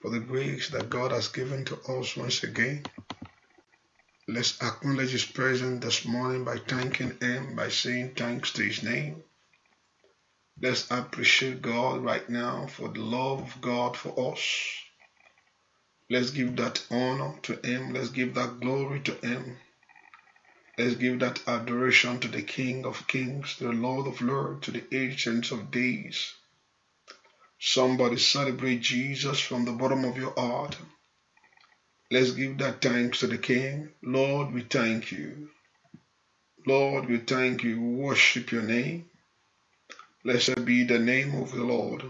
for the grace that God has given to us once again. Let's acknowledge His presence this morning by thanking Him, by saying thanks to His name. Let's appreciate God right now for the love of God for us. Let's give that honor to Him. Let's give that glory to Him. Let's give that adoration to the King of Kings, to the Lord of Lords, to the Ancients of Days. Somebody celebrate Jesus from the bottom of your heart. Let's give that thanks to the King. Lord, we thank you. Lord, we thank you. We worship your name. Blessed be the name of the Lord.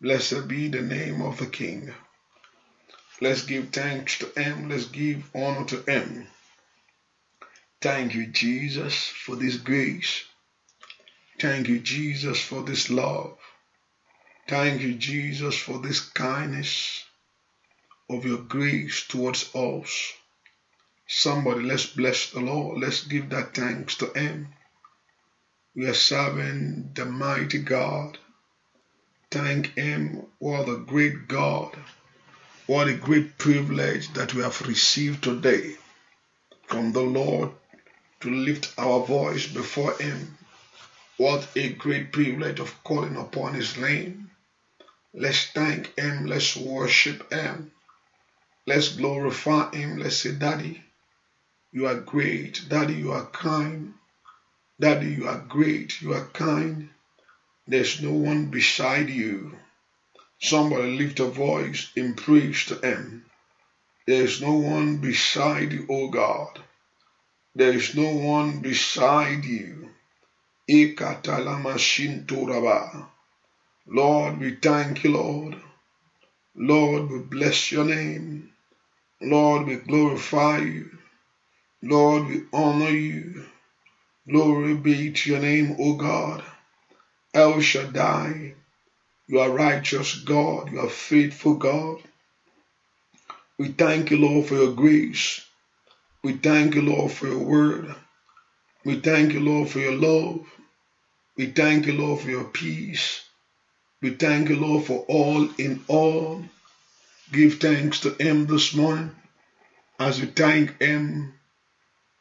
Blessed be the name of the King. Let's give thanks to Him. Let's give honor to Him. Thank you, Jesus, for this grace. Thank you, Jesus, for this love. Thank you, Jesus, for this kindness of your grace towards us. Somebody, let's bless the Lord. Let's give that thanks to Him. We are serving the mighty God. Thank Him for the great God. What a great privilege that we have received today from the Lord to lift our voice before Him. What a great privilege of calling upon His name. Let's thank Him. Let's worship Him. Let's glorify Him. Let's say, Daddy, you are great. Daddy, you are kind. Daddy, you are great. You are kind. There's no one beside you. Somebody lift a voice in praise to Him. There is no one beside you, O oh God. There is no one beside you. Ikatalamashintoraba. Lord, we thank you, Lord. Lord, we bless your name. Lord, we glorify you. Lord, we honor you. Glory be to your name, O God. El Shaddai, you are righteous God, you are faithful God. We thank you, Lord, for your grace. We thank you, Lord, for your word. We thank you, Lord, for your love. We thank you, Lord, for your peace. We thank you, Lord, for all in all. Give thanks to Him this morning as we thank Him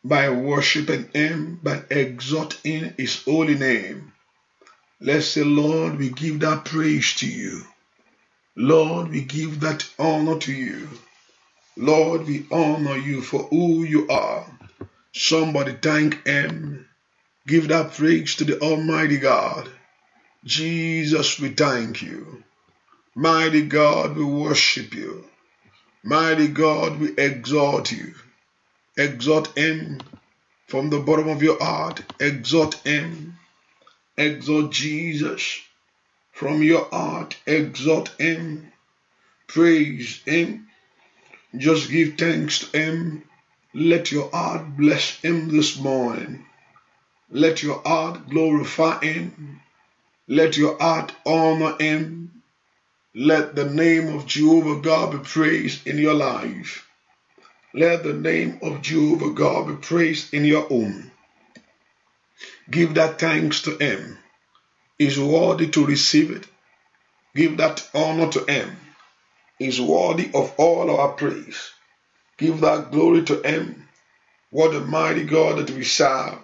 by worshiping Him, by exalting His holy name. Let's say, Lord, we give that praise to you. Lord, we give that honor to you. Lord, we honor you for who you are. Somebody thank Him. Give that praise to the Almighty God. Jesus, we thank you. Mighty God, we worship you. Mighty God, we exalt you. Exalt Him from the bottom of your heart. Exalt Him. Exalt Jesus from your heart. Exalt Him. Praise Him. Just give thanks to Him. Let your heart bless Him this morning. Let your heart glorify Him. Let your heart honor him. Let the name of Jehovah God be praised in your life. Let the name of Jehovah God be praised in your own. Give that thanks to him. He's worthy to receive it. Give that honor to him. He's worthy of all our praise. Give that glory to him. What a mighty God that we serve.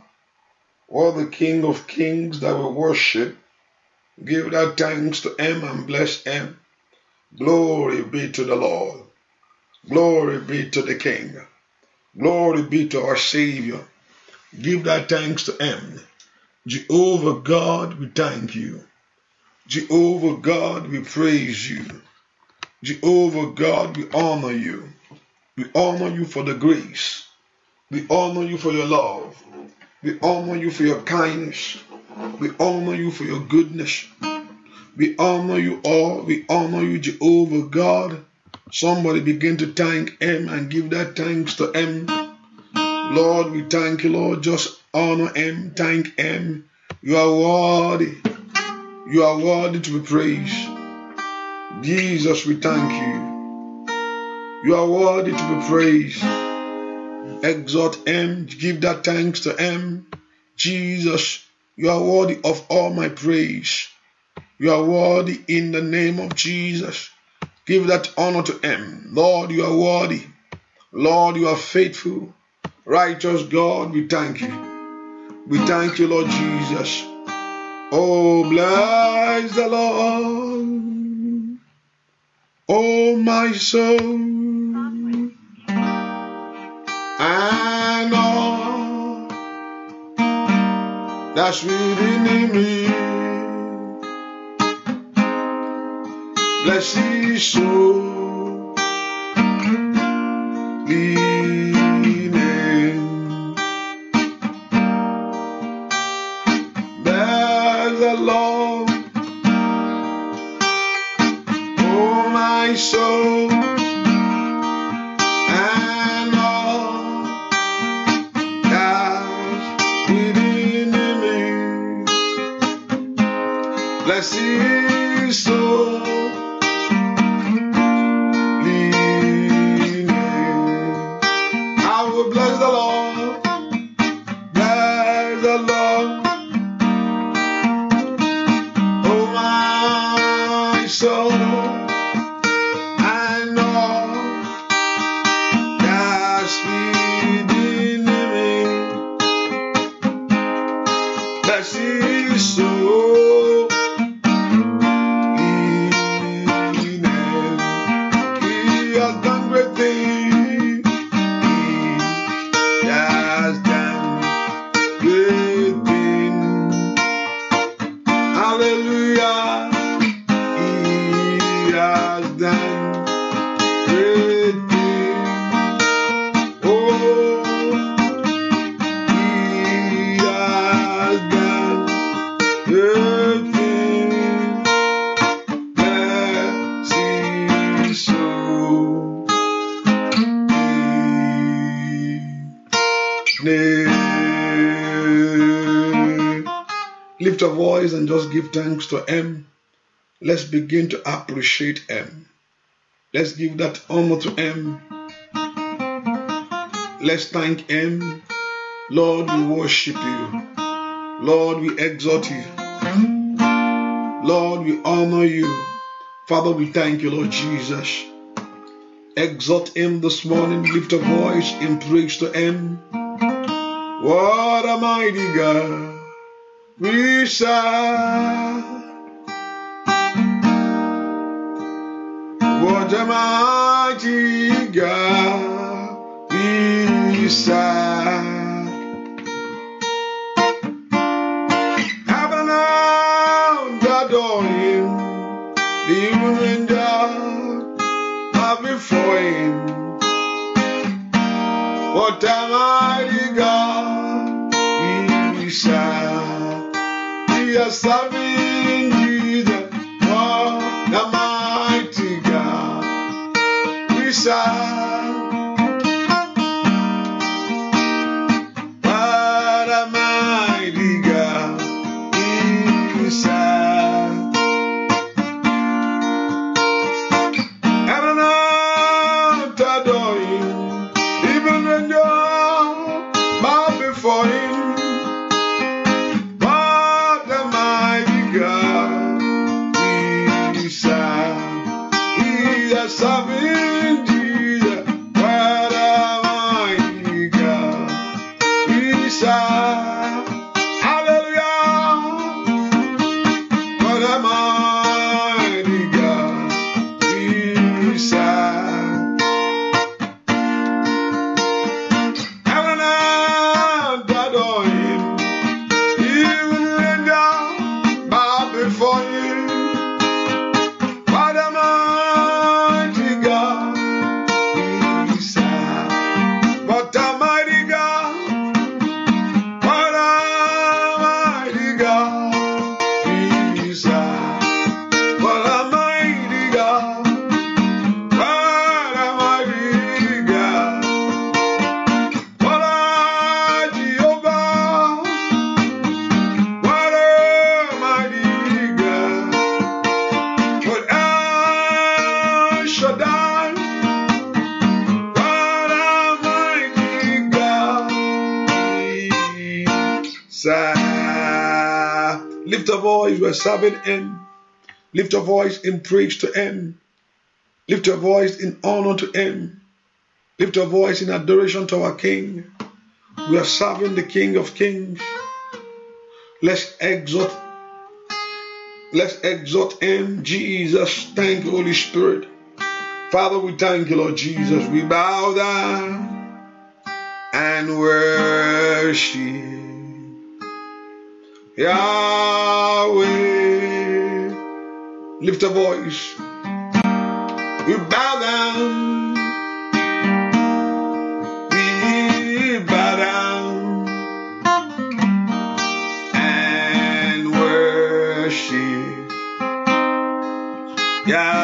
What the King of kings that we worship. Give that thanks to him and bless him. Glory be to the Lord. Glory be to the King. Glory be to our Savior. Give thy thanks to him. Jehovah God, we thank you. Jehovah God, we praise you. Jehovah God, we honor you. We honor you for the grace. We honor you for your love. We honor you for your kindness. We honor you for your goodness. We honor you all. We honor you, Jehovah God. Somebody begin to thank Him and give that thanks to Him. Lord, we thank you, Lord. Just honor Him, thank Him. You are worthy. You are worthy to be praised. Jesus, we thank you. You are worthy to be praised. Exhort Him, give that thanks to Him. Jesus, you are worthy of all my praise. You are worthy in the name of Jesus. Give that honor to Him. Lord, you are worthy. Lord, you are faithful. Righteous God, we thank you. We thank you, Lord Jesus. Oh, bless the Lord. Oh, my soul. me. Bless Yeshua. so your voice and just give thanks to Him. Let's begin to appreciate Him. Let's give that honor to Him. Let's thank Him. Lord, we worship you. Lord, we exalt you. Lord, we honor you. Father, we thank you, Lord Jesus. Exalt Him this morning. Lift a voice in praise to Him. What a mighty God we shall. What a mighty God you shall. Before him, what a mighty God he shall are serving you the God, the mighty God. We serve. serving Him. Lift your voice in praise to Him. Lift your voice in honor to Him. Lift your voice in adoration to our King. We are serving the King of Kings. Let's exalt. Let's exalt Him. Jesus, thank you, Holy Spirit. Father, we thank you, Lord Jesus. We bow down and worship Yahweh. Lift a voice. We bow down. We bow down and worship. Yeah.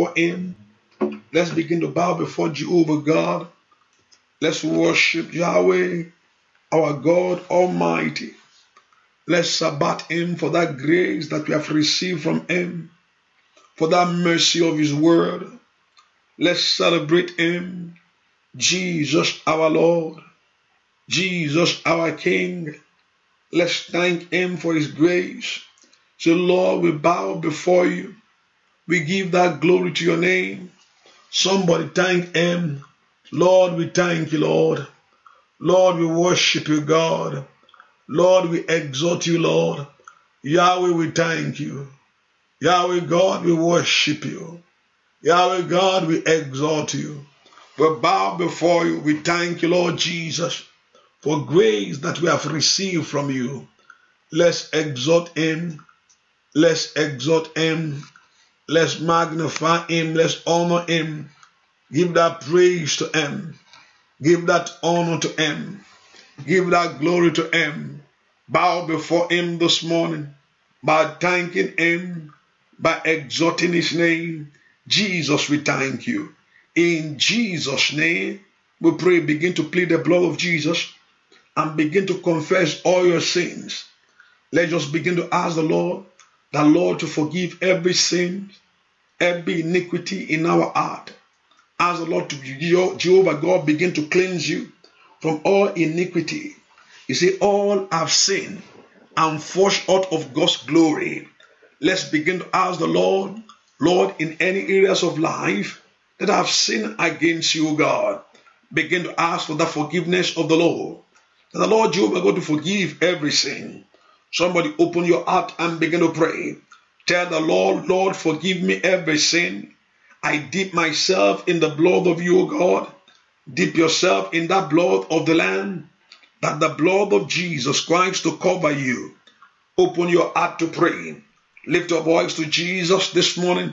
before Him. Let's begin to bow before Jehovah God. Let's worship Yahweh, our God Almighty. Let's sabbat Him for that grace that we have received from Him, for that mercy of His word. Let's celebrate Him, Jesus our Lord, Jesus our King. Let's thank Him for His grace. So, Lord, we bow before you. We give that glory to your name. Somebody thank him. Lord, we thank you, Lord. Lord, we worship you, God. Lord, we exhort you, Lord. Yahweh, we thank you. Yahweh God, we worship you. Yahweh God, we exhort you. We bow before you. We thank you, Lord Jesus, for grace that we have received from you. Let's exhort him. Let's exhort him. Let's magnify him. Let's honor him. Give that praise to him. Give that honor to him. Give that glory to him. Bow before him this morning by thanking him, by exalting his name. Jesus, we thank you. In Jesus' name, we pray, begin to plead the blood of Jesus and begin to confess all your sins. Let's begin to ask the Lord the Lord, to forgive every sin, every iniquity in our heart. Ask the Lord to Jehovah God begin to cleanse you from all iniquity. You see, all have sinned and fall short of God's glory. Let's begin to ask the Lord, Lord, in any areas of life that have sinned against you, God, begin to ask for the forgiveness of the Lord. That the Lord Jehovah God to forgive every sin Somebody open your heart and begin to pray. Tell the Lord, Lord, forgive me every sin. I dip myself in the blood of you, O God. Dip yourself in that blood of the Lamb, that the blood of Jesus Christ to cover you. Open your heart to pray. Lift your voice to Jesus this morning.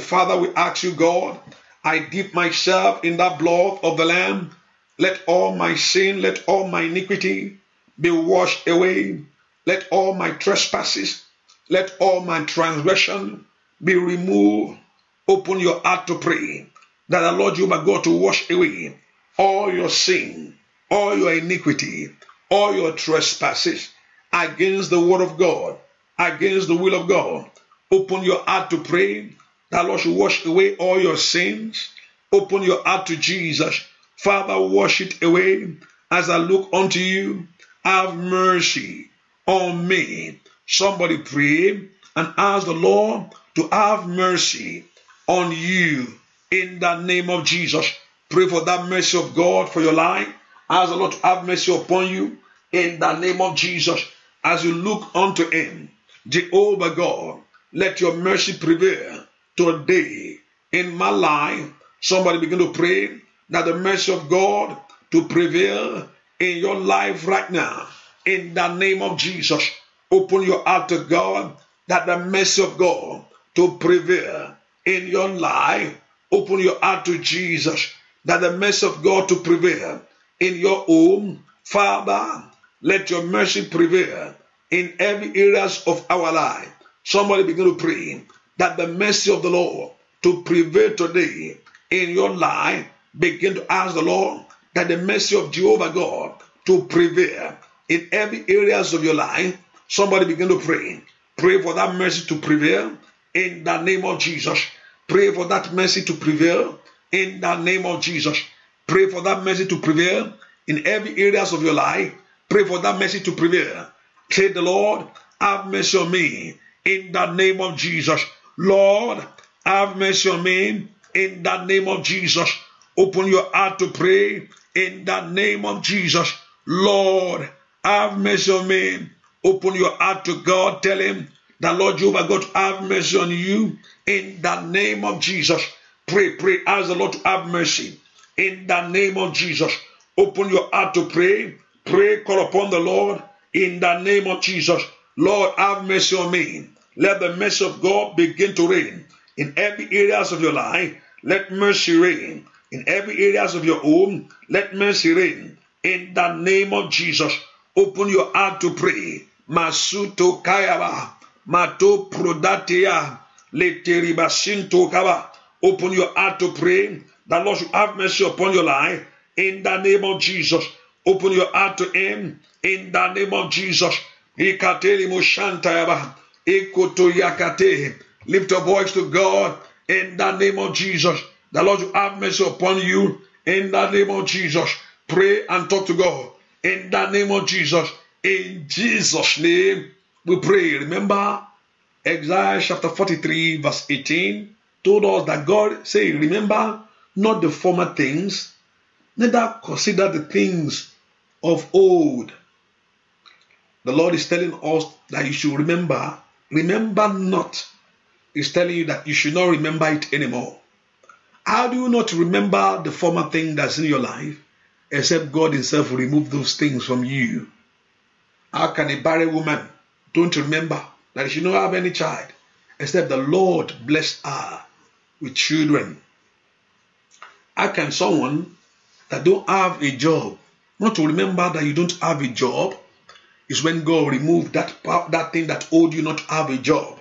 Father, we ask you, God, I dip myself in that blood of the Lamb. Let all my sin, let all my iniquity, be washed away. Let all my trespasses, let all my transgression be removed. Open your heart to pray that the Lord you my God to wash away all your sin, all your iniquity, all your trespasses against the word of God, against the will of God. Open your heart to pray that Lord should wash away all your sins. Open your heart to Jesus. Father, wash it away as I look unto you. Have mercy on me. Somebody pray and ask the Lord to have mercy on you in the name of Jesus. Pray for that mercy of God for your life. Ask the Lord to have mercy upon you in the name of Jesus. As you look unto Him, Jehovah God, let your mercy prevail today in my life. Somebody begin to pray that the mercy of God to prevail in your life right now. In the name of Jesus, open your heart to God that the mercy of God to prevail in your life. Open your heart to Jesus that the mercy of God to prevail in your home. Father, let your mercy prevail in every areas of our life. Somebody begin to pray that the mercy of the Lord to prevail today in your life. Begin to ask the Lord that the mercy of Jehovah God to prevail in every areas of your life. Somebody begin to pray. Pray for that mercy to prevail in the name of Jesus. Pray for that mercy to prevail in the name of Jesus. Pray for that mercy to prevail in every areas of your life. Pray for that mercy to prevail. Say the Lord, have mercy on me in the name of Jesus. Lord, have mercy on me in the name of Jesus. Open your heart to pray in the name of Jesus. Lord, have mercy on me. Open your heart to God. Tell him the Lord Jehovah God have mercy on you in the name of Jesus. Pray, pray, ask the Lord to have mercy in the name of Jesus. Open your heart to pray. Pray, call upon the Lord in the name of Jesus. Lord, have mercy on me. Let the mercy of God begin to reign in every areas of your life. Let mercy reign. in every areas of your home. Let mercy reign in the name of Jesus. Open your heart to pray. Masuto kayaba, mato prodatea, leteribasinto kaba. Open your heart to pray. The Lord should have mercy upon your life in the name of Jesus. Open your heart to Him in the name of Jesus. Ikateli mushantayaba, ikoto yakate. Lift your voice to God in the name of Jesus. The Lord will have mercy upon you in the name of Jesus. Pray and talk to God in the name of Jesus. In Jesus' name, we pray. Remember, Exodus chapter 43, verse 18 told us that God said, Remember not the former things, neither consider the things of old. The Lord is telling us that you should remember, remember not. He's telling you that you should not remember it anymore. How do you not remember the former thing that's in your life except God Himself will remove those things from you? How can a barren woman don't remember that she don't have any child except the Lord bless her with children? How can someone that don't have a job not to remember that you don't have a job is when God removed that that thing that owed you not have a job.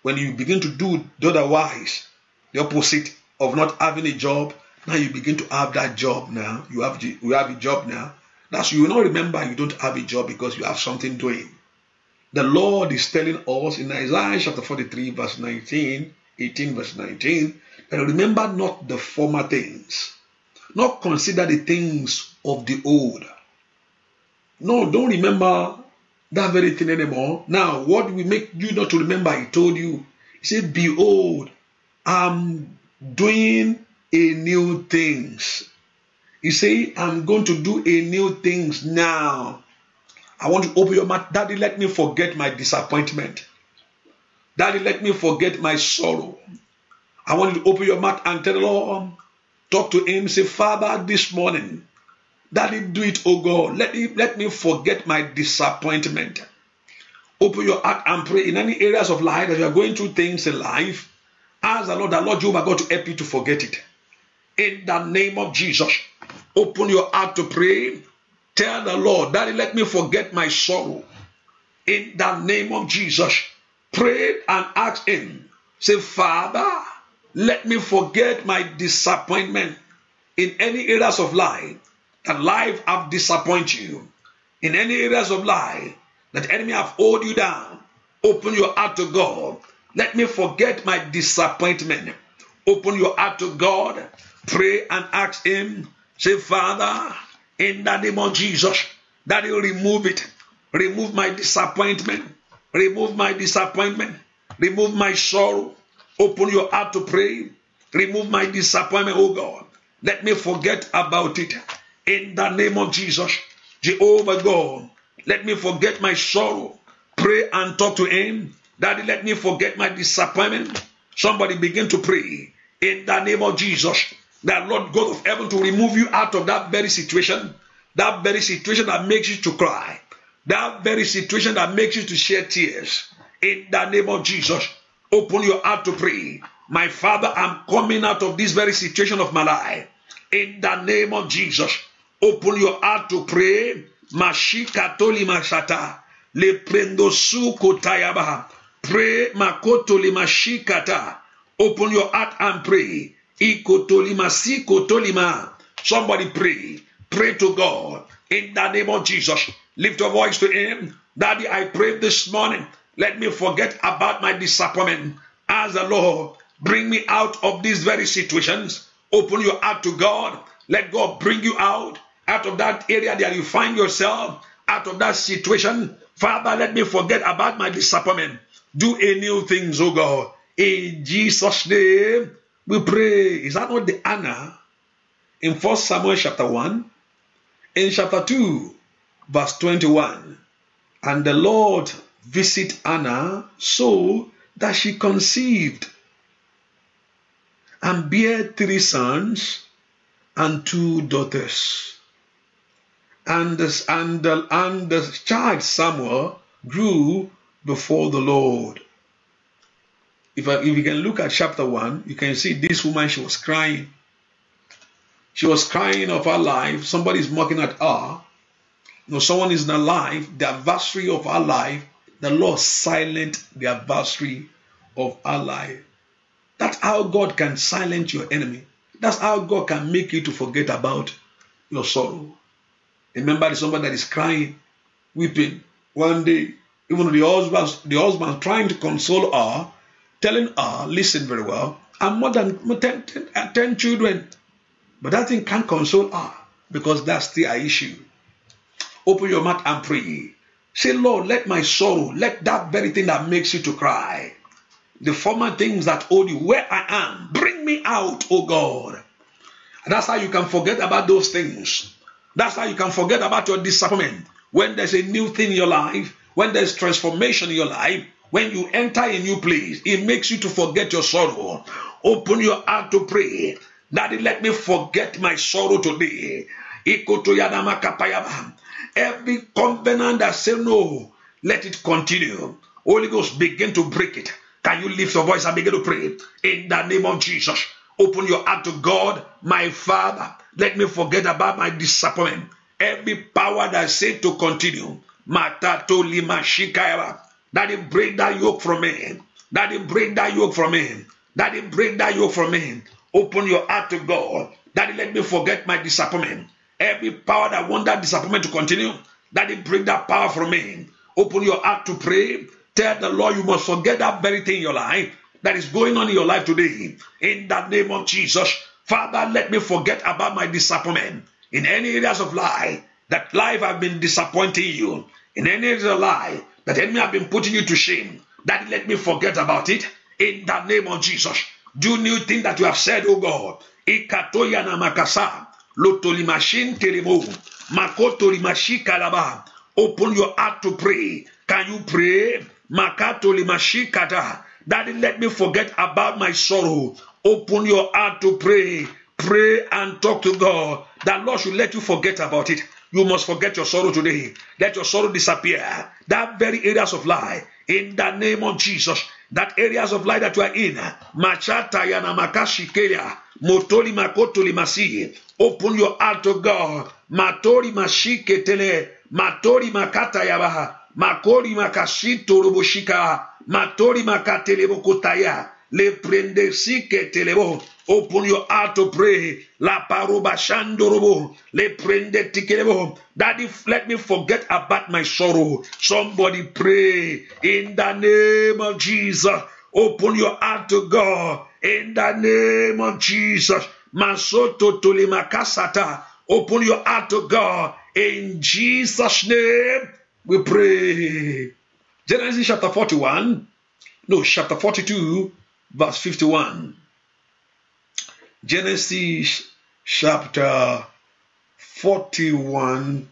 When you begin to do otherwise, the opposite, of not having a job, now you begin to have that job now. You have you have a job now. That's you will not remember you don't have a job because you have something doing. The Lord is telling us in Isaiah chapter 43, verse 19, 18, verse 19, that remember not the former things, not consider the things of the old. No, don't remember that very thing anymore. Now, what we make you not to remember? He told you, He said, Behold, I'm doing a new things. He say, I'm going to do a new things now. I want to open your mouth. Daddy, let me forget my disappointment. Daddy, let me forget my sorrow. I want you to open your mouth and tell the Lord, um, talk to him, say, Father, this morning, Daddy, do it, oh God. Let me, let me forget my disappointment. Open your heart and pray in any areas of life that you are going through things in life Ask the Lord, the Lord Jehovah God to help you to forget it. In the name of Jesus, open your heart to pray. Tell the Lord, Daddy, let me forget my sorrow. In the name of Jesus, pray and ask Him. Say, Father, let me forget my disappointment in any areas of life that life have disappointed you. In any areas of life that enemy have hold you down, open your heart to God let me forget my disappointment. Open your heart to God. Pray and ask Him. Say, Father, in the name of Jesus, that you remove it. Remove my disappointment. Remove my disappointment. Remove my sorrow. Open your heart to pray. Remove my disappointment, oh God. Let me forget about it. In the name of Jesus, Jehovah God, let me forget my sorrow. Pray and talk to Him. Daddy, let me forget my disappointment. Somebody begin to pray in the name of Jesus. That Lord God of heaven to remove you out of that very situation, that very situation that makes you to cry, that very situation that makes you to shed tears. In the name of Jesus, open your heart to pray. My Father, I'm coming out of this very situation of my life. In the name of Jesus, open your heart to pray. mashata. Le prendo su kotayabaha. Pray makotolimasha. Open your heart and pray. Ikotolima si Somebody pray. Pray to God in the name of Jesus. Lift your voice to Him. Daddy, I pray this morning. Let me forget about my disappointment. As the Lord, bring me out of these very situations. Open your heart to God. Let God bring you out out of that area that you find yourself, out of that situation. Father, let me forget about my disappointment. Do a new things, oh God. In Jesus' name, we pray. Is that not the honor in First Samuel chapter 1? In chapter 2, verse 21. And the Lord visit Anna so that she conceived and bear three sons and two daughters. And, and, and the child Samuel grew before the Lord. If, I, if you can look at chapter 1, you can see this woman, she was crying. She was crying of her life. Somebody is mocking at her. You know, someone is in her life, the adversary of her life. The Lord silent the adversary of her life. That's how God can silence your enemy. That's how God can make you to forget about your sorrow. Remember somebody that is crying, weeping. One day even the husband, the husband trying to console her, telling her, listen very well, I'm more than uh, 10, children. But that thing can't console her because that's the issue. Open your mouth and pray. Say, Lord, let my sorrow, let that very thing that makes you to cry, the former things that hold you where I am, bring me out, oh God. And that's how you can forget about those things. That's how you can forget about your disappointment. When there's a new thing in your life, when there's transformation in your life, when you enter a new place, it makes you to forget your sorrow. Open your heart to pray. Daddy, let me forget my sorrow today. Every covenant that say no, let it continue. Holy Ghost, begin to break it. Can you lift your voice and begin to pray? In the name of Jesus, open your heart to God, my Father. Let me forget about my disappointment. Every power that said to continue, Matato lima shikaira. Daddy, break that yoke from me. Daddy, break that yoke from me. Daddy, break that yoke from me. Open your heart to God. Daddy, let me forget my disappointment. Every power that want that disappointment to continue, Daddy, break that power from me. Open your heart to pray. Tell the Lord you must forget that very thing in your life that is going on in your life today. In the name of Jesus, Father, let me forget about my disappointment in any areas of life that life have been disappointing you. in any lie that the enemy have been putting you to shame, that let me forget about it in the name of Jesus. Do new thing that you have said, oh God. Ikatoya na makasa, lotolimashin teremo, Open your heart to pray. Can you pray? Makatolimashi kata. Daddy, let me forget about my sorrow. Open your heart to pray. Pray and talk to God. That Lord should let you forget about it. You must forget your sorrow today. Let your sorrow disappear. That very areas of lie, in the name of Jesus, that areas of lie that you are in, machata yanamakashi kelia, motoli makotoli masi. Open your heart to God. Matori mashike tele, matori makata yabaha, makori makashi toroboshika, matori makatelebokotaya, le prendesi ketelebo. Open your heart to pray. La paruba shandorobo. Le prende tikerebo. Daddy, let me forget about my sorrow. Somebody pray in the name of Jesus. Open your heart to God in the name of Jesus. Masoto tulimakasata. Open your heart to God in Jesus' name. We pray. Genesis chapter 41. No, chapter 42, verse 51. Genesis chapter 41,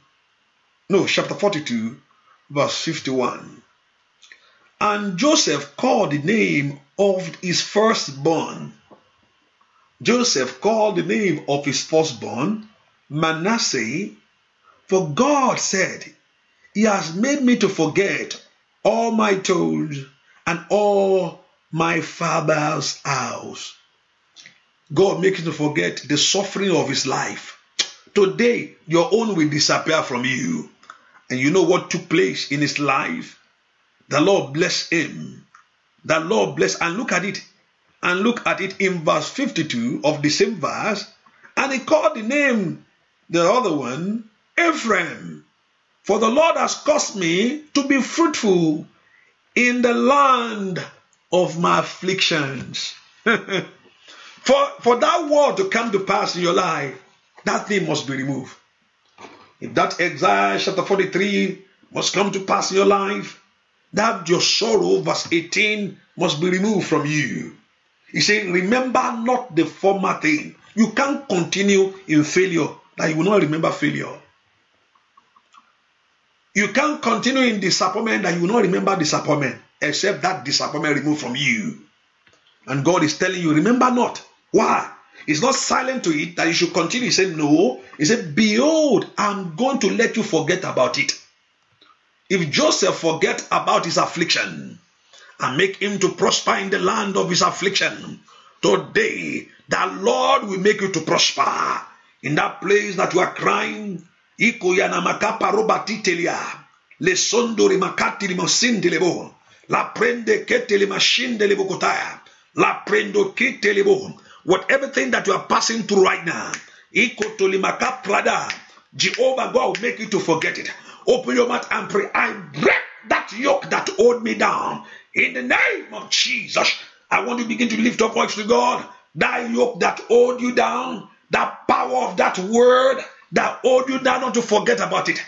no, chapter 42, verse 51. And Joseph called the name of his firstborn. Joseph called the name of his firstborn Manasseh, for God said, He has made me to forget all my toils and all my father's house. God makes you forget the suffering of his life. Today, your own will disappear from you. And you know what took place in his life? The Lord bless him. The Lord bless. And look at it. And look at it in verse 52 of the same verse. And he called the name, the other one, Ephraim. For the Lord has caused me to be fruitful in the land of my afflictions. For, for that word to come to pass in your life, that thing must be removed. If that exile, chapter 43, must come to pass in your life, that your sorrow, verse 18, must be removed from you. He said, Remember not the former thing. You can't continue in failure that you will not remember failure. You can't continue in disappointment that you will not remember disappointment, except that disappointment removed from you. And God is telling you, remember not why? He's not silent to it that you should continue. He said, No. He said, Behold, I'm going to let you forget about it. If Joseph forget about his affliction and make him to prosper in the land of his affliction, today the Lord will make you to prosper in that place that you are crying. Le La prende kete le machine de lebokotaya. La prendo kete lebokotaya. Whatever thing that you are passing through right now, Jehovah God will make you to forget it. Open your mouth and pray. I break that yoke that hold me down. In the name of Jesus, I want to begin to lift up voice to God. That yoke that hold you down, that power of that word that hold you down, not to forget about it.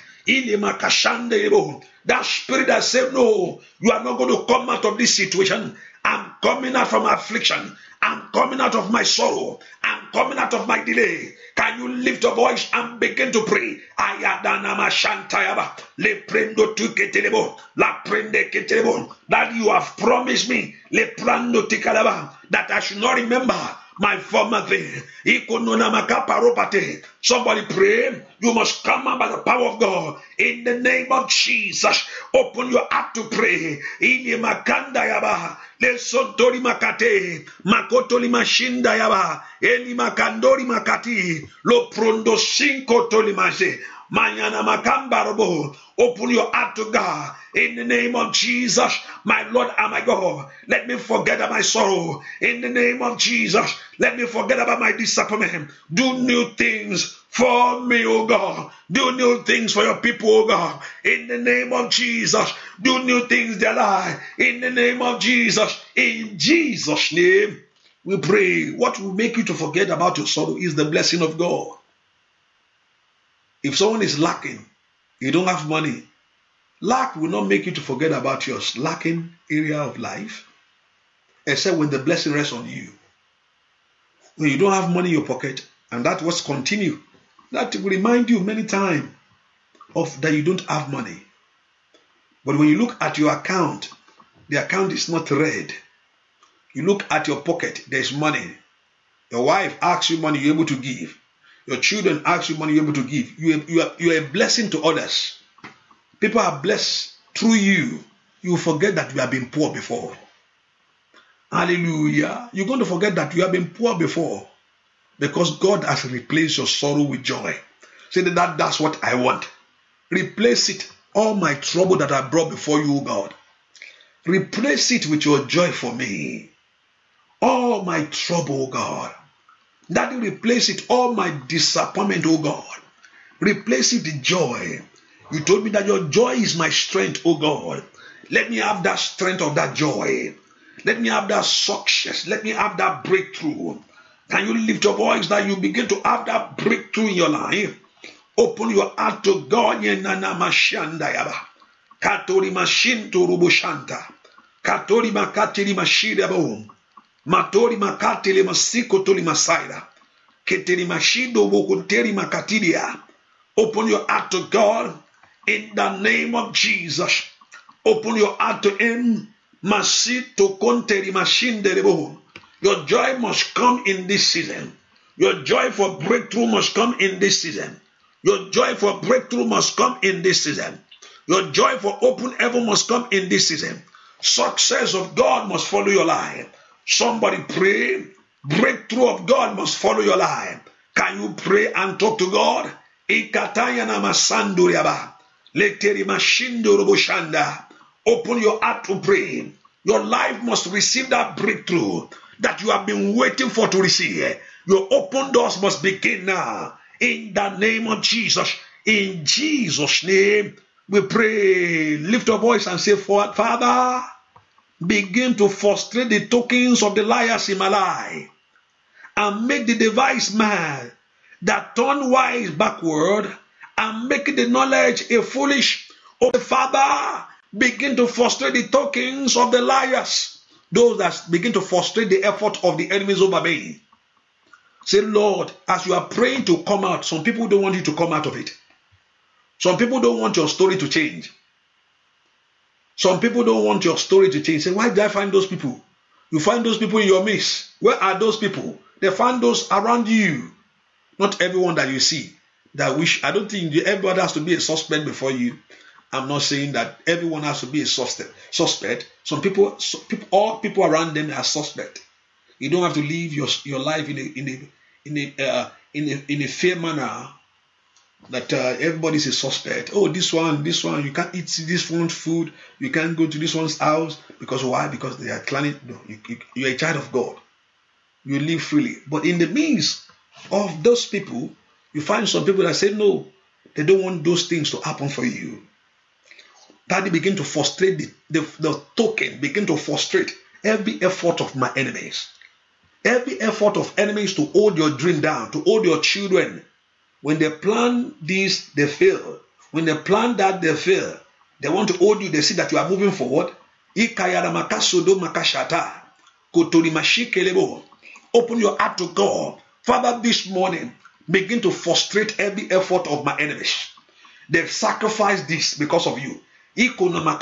That spirit that said, No, you are not going to come out of this situation. I'm coming out from affliction. I'm coming out of my sorrow. I'm coming out of my delay. Can you lift your voice and begin to pray? Ayadanama Shantayaba. Le prendo tu ketelebo. La prende ketelebo. That you have promised me. Le prendo tikalaba. That I should not remember my former thing. Somebody pray. You must come up by the power of God. In the name of Jesus, open your heart to pray. makanda yaba lesontori makate makotoli mashinda yaba eli makandori makati lo prondo sinko toli mase Open your heart to God in the name of Jesus, my Lord and my God. Let me forget about my sorrow in the name of Jesus. Let me forget about my disappointment. Do new things for me, O oh God. Do new things for your people, O oh God. In the name of Jesus, do new things their life. In the name of Jesus, in Jesus' name, we pray. What will make you to forget about your sorrow is the blessing of God. If someone is lacking, you don't have money, lack will not make you to forget about your lacking area of life, except when the blessing rests on you. When you don't have money in your pocket, and that was continue. That will remind you many times of that you don't have money. But when you look at your account, the account is not red. You look at your pocket, there is money. Your wife asks you money, you're able to give. Your children ask you money, you're able to give. You, you, are, you are a blessing to others. People are blessed through you. You forget that you have been poor before. Hallelujah. You're going to forget that you have been poor before because God has replaced your sorrow with joy. Say that, that that's what I want. Replace it, all my trouble that I brought before you, God. Replace it with your joy for me. All my trouble, God. That you replace it all my disappointment, oh God. Replace it with joy. You told me that your joy is my strength, oh God. Let me have that strength of that joy. Let me have that success. Let me have that breakthrough. Can you lift your voice that you begin to have that breakthrough in your life? Open your heart to God. Katori mashin to rubushanta. Katori makatiri mashiri matori le masiko toli masaida keteli mashido bukuteli makatidia open your heart to God in the name of Jesus open your heart to him masito konteli mashindelebo your joy must come in this season your joy for breakthrough must come in this season your joy for breakthrough must come in this season your joy for open heaven must come in this season success of God must follow your life Somebody pray. Breakthrough of God must follow your life. Can you pray and talk to God? Open your heart to pray. Your life must receive that breakthrough that you have been waiting for to receive. Your open doors must begin now. In the name of Jesus. In Jesus' name, we pray. Lift your voice and say, Father. Begin to frustrate the tokens of the liars in my life and make the device mad that turn wise backward and make the knowledge a foolish. Oh, the Father, begin to frustrate the tokens of the liars, those that begin to frustrate the effort of the enemies over me. Say, Lord, as you are praying to come out, some people don't want you to come out of it. Some people don't want your story to change. Some people don't want your story to change. Say, why did I find those people? You find those people in your midst. Where are those people? They find those around you. Not everyone that you see. That wish I don't think everybody has to be a suspect before you. I'm not saying that everyone has to be a suspect. Suspect. Some people, some people all people around them are suspect. You don't have to live your, your life in a in a in a uh, in a in a fair manner that uh, everybody's a suspect. Oh, this one, this one, you can't eat this one's food, you can't go to this one's house because why? Because they are planning. No, you, you, you're a child of God. You live freely, but in the midst of those people, you find some people that say no, they don't want those things to happen for you. That they begin to frustrate the, the, the token, begin to frustrate every effort of my enemies. Every effort of enemies to hold your dream down, to hold your children When they plan this, they fail. When they plan that, they fail. They want to hold you, they see that you are moving forward. Open your heart to God. Father, this morning, begin to frustrate every effort of my enemies. They've sacrificed this because of you. Open your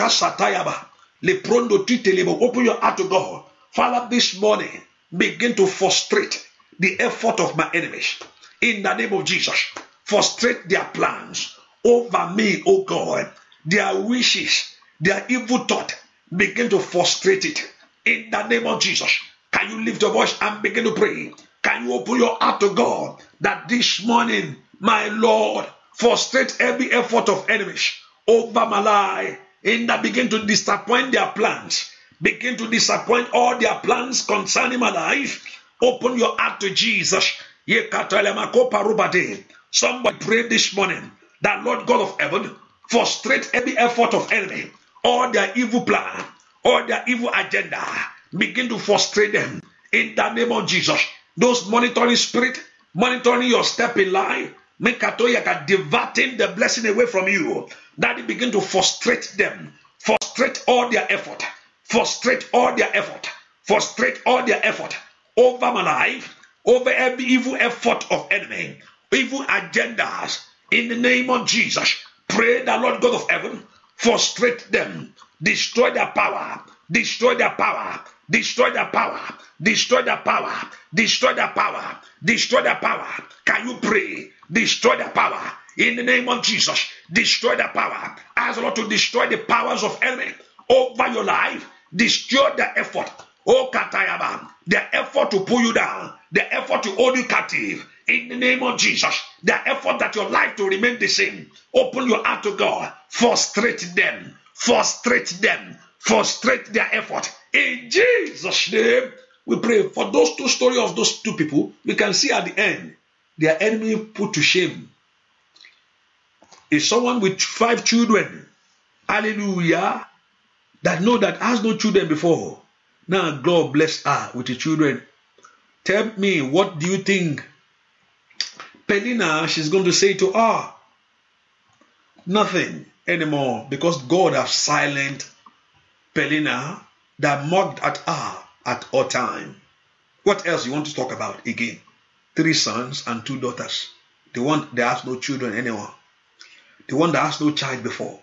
heart to God. Father, this morning, begin to frustrate the effort of my enemies. in the name of Jesus. Frustrate their plans over me, O God. Their wishes, their evil thought, begin to frustrate it in the name of Jesus. Can you lift your voice and begin to pray? Can you open your heart to God that this morning, my Lord, frustrate every effort of enemies over my life and that begin to disappoint their plans, begin to disappoint all their plans concerning my life? Open your heart to Jesus Somebody pray this morning that Lord God of heaven frustrate every effort of enemy, all their evil plan, all their evil agenda. Begin to frustrate them in the name of Jesus. Those monitoring spirit, monitoring your step in life, make Katoyaka diverting the blessing away from you. Daddy begin to frustrate them, frustrate all their effort, frustrate all their effort, frustrate all their effort over my life, over every evil effort of enemy, evil agendas, in the name of Jesus. Pray the Lord God of heaven, frustrate them, destroy their power, destroy their power, destroy their power, destroy their power, destroy their power, destroy their power. Can you pray? Destroy their power. In the name of Jesus, destroy their power. Ask the Lord to destroy the powers of enemy over your life. Destroy their effort Oh, Katayaba, the effort to pull you down, the effort to hold you captive, in the name of Jesus, the effort that your life to remain the same, open your heart to God, frustrate them, frustrate them, frustrate their effort. In Jesus' name, we pray for those two stories of those two people. We can see at the end, their enemy put to shame. Is someone with five children, hallelujah, that know that has no children before now God bless her with the children. Tell me, what do you think? Penina, she's going to say to her, nothing anymore because God has silenced Pelina that mocked at her at all time. What else you want to talk about again? Three sons and two daughters. The one that has no children anymore. The one that has no child before.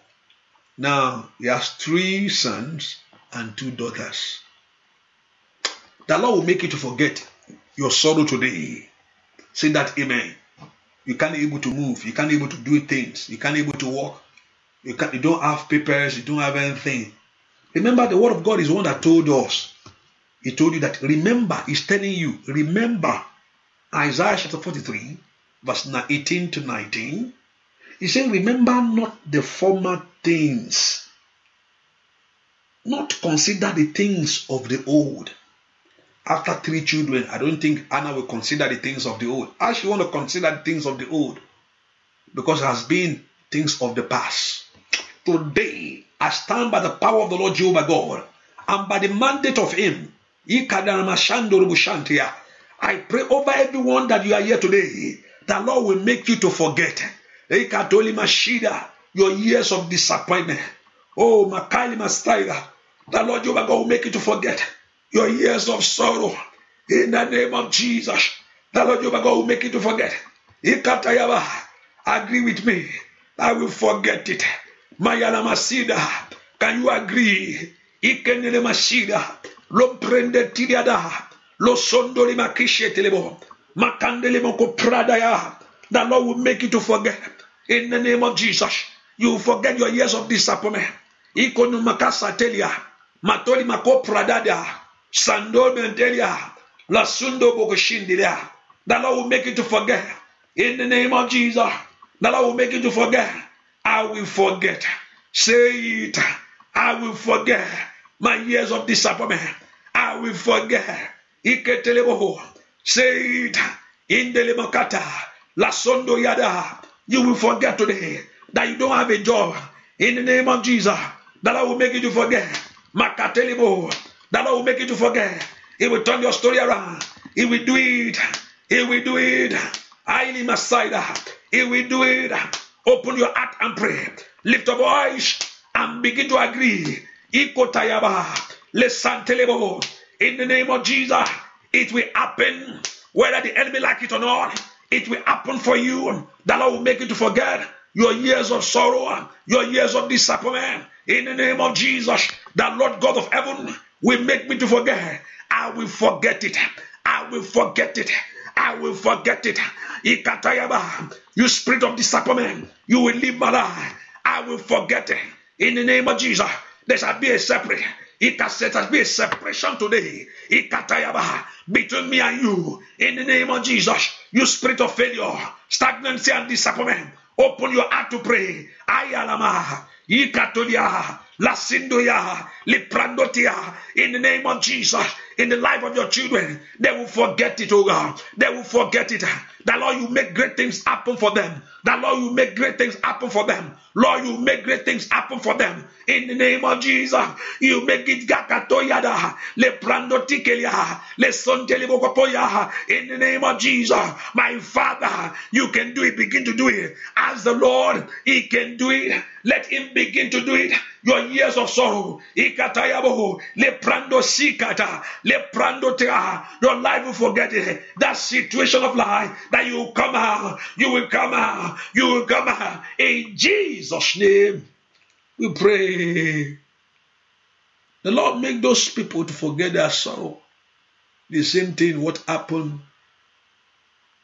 Now he has three sons and two daughters. The Lord will make you to forget your sorrow today. Say that amen. You can't able to move. You can't able to do things. You can't able to walk. You, can't. you don't have papers. You don't have anything. Remember, the word of God is one that told us. He told you that. Remember, he's telling you. Remember, Isaiah chapter 43, verse 18 to 19. He said, Remember not the former things, not consider the things of the old. After three children, I don't think Anna will consider the things of the old. How she want to consider the things of the old? Because it has been things of the past. Today, I stand by the power of the Lord Jehovah God and by the mandate of Him. I pray over everyone that you are here today. The Lord will make you to forget your years of disappointment. Oh, my Mastaira. The Lord Jehovah God will make you to forget your years of sorrow in the name of Jesus. The Lord Jehovah God will make you to forget. Ikatayaba, agree with me. I will forget it. Mayala Masida, can you agree? Ikenele Masida, lo prende tiriada, lo sondoli makishe telebo, makandele moko pradaya. The Lord will make you to forget. In the name of Jesus, you will forget your years of disappointment. Ikonu makasa telia, matoli mako pradada. Sando Bendelia, Lasundo Bokoshindilia, that I will make you to forget. In the name of Jesus, that I will make you to forget. I will forget. Say it. I will forget my years of disappointment. I will forget. Iketeleboho. Say it. In the Lemakata, Lasondo Yada, you will forget today that you don't have a job. In the name of Jesus, that I will make you to forget. Makatelebo. The Lord will make you to forget. He will turn your story around. He will do it. He will do it. Highly Messiah. He will do it. Open your heart and pray. Lift your voice and begin to agree. le Lesantelebo. In the name of Jesus, it will happen. Whether the enemy like it or not, it will happen for you. The Lord will make you to forget your years of sorrow, your years of disappointment. In the name of Jesus, the Lord God of heaven will make me to forget. I will forget it. I will forget it. I will forget it. Ikatayaba, you spirit of disappointment, you will leave my life. I will forget it. In the name of Jesus, there shall be a separate. It shall be a separation today. Ikatayaba, between me and you. In the name of Jesus, you spirit of failure, stagnancy, and disappointment. Open your heart to pray. Ayalama. Liprandotia, in the name of Jesus, in the life of your children, they will forget it, oh God. They will forget it. That Lord, you make great things happen for them. That Lord, you make great things happen for them. Lord, you make great things happen for them. In the name of Jesus, you make it gakatoyada, le prando tikelia, le sontelibokopoya. In the name of Jesus, my Father, you can do it. Begin to do it. As the Lord, He can do it. Let Him begin to do it. Your years of sorrow, ikatayaboho, le prando sikata, le prando Your life will forget it. That situation of life that you will come out, you will come out, you will come out. In Jesus' name, we pray. The Lord make those people to forget their sorrow. The same thing what happened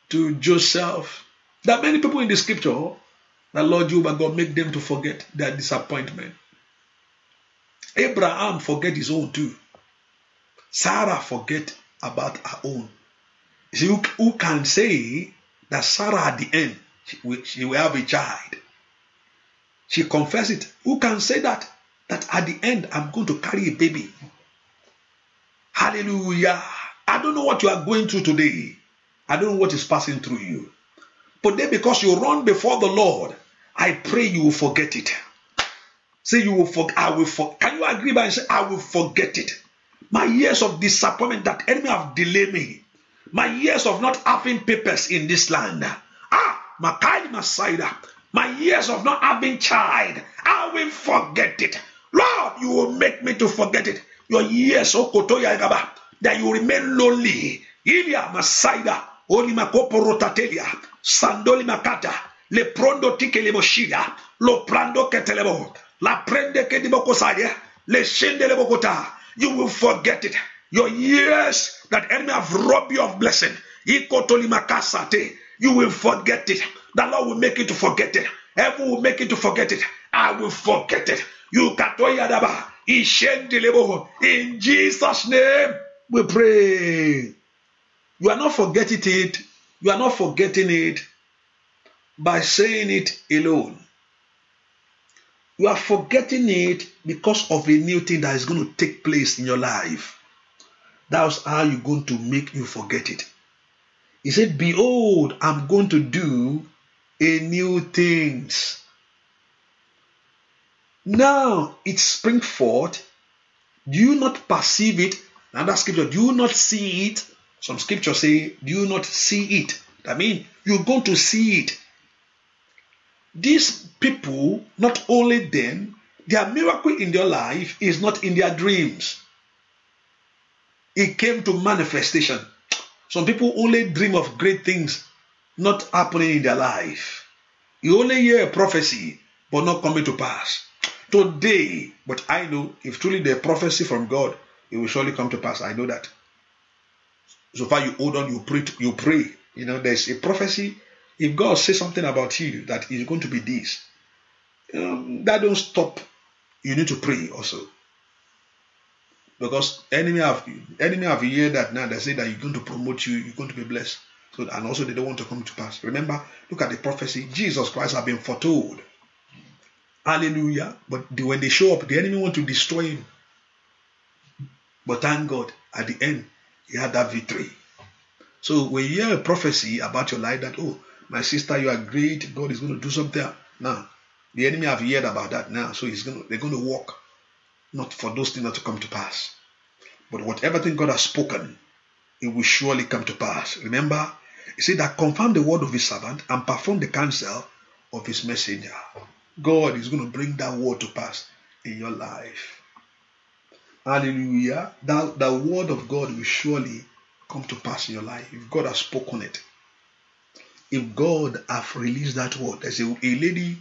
to Joseph. There are many people in the scripture oh, that Lord Jehovah God make them to forget their disappointment. Abraham forget his own too. Sarah forget about her own. See, who, who can say that Sarah at the end she will, she will have a child? She confessed it. Who can say that? That at the end I'm going to carry a baby. Hallelujah. I don't know what you are going through today. I don't know what is passing through you. But then because you run before the Lord, I pray you will forget it. Say you will forget. I will for- Can you agree by saying I will forget it? My years of disappointment that enemy have delayed me my years of not having papers in this land. Ah, my kind, my My years of not having child. I will forget it. Lord, you will make me to forget it. Your years, Okotoya oh, Gaba, that you remain lonely. Ilia Masaida, Oli Makopo Rotatelia, Sandoli Makata, Le Prondo Tikelebo Shida, Lo Prando Ketelebo, La Prende Kediboko Sadia, Le Shende Lebokota. You will forget it. Your years that enemy have robbed you of blessing. You will forget it. The Lord will make you to forget it. Heaven will make you to forget it. I will forget it. You In Jesus' name, we pray. You are not forgetting it. You are not forgetting it by saying it alone. You are forgetting it because of a new thing that is going to take place in your life. That's how you're going to make you forget it. He said, Behold, I'm going to do a new things. Now it spring forth. Do you not perceive it? Another scripture, do you not see it? Some scripture say, Do you not see it? I mean, you're going to see it. These people, not only them, their miracle in their life is not in their dreams. He came to manifestation. Some people only dream of great things not happening in their life. You only hear a prophecy, but not coming to pass. Today, but I know if truly the prophecy from God, it will surely come to pass. I know that. So far, you hold on, you pray, you pray. You know, there's a prophecy. If God says something about you that is going to be this, um, that don't stop. You need to pray also. Because enemy have enemy have heard that now they say that you're going to promote you, you're going to be blessed. So and also they don't want to come to pass. Remember, look at the prophecy. Jesus Christ have been foretold. Hallelujah. But the, when they show up, the enemy want to destroy him. But thank God, at the end, he had that victory. So when you hear a prophecy about your life that, oh, my sister, you are great, God is going to do something now. The enemy have heard about that now, so he's going to, they're going to walk not for those things that to come to pass. But whatever thing God has spoken, it will surely come to pass. Remember, he said that confirm the word of his servant and perform the counsel of his messenger. God is going to bring that word to pass in your life. Hallelujah. That the word of God will surely come to pass in your life. If God has spoken it, if God have released that word, there's a, a lady,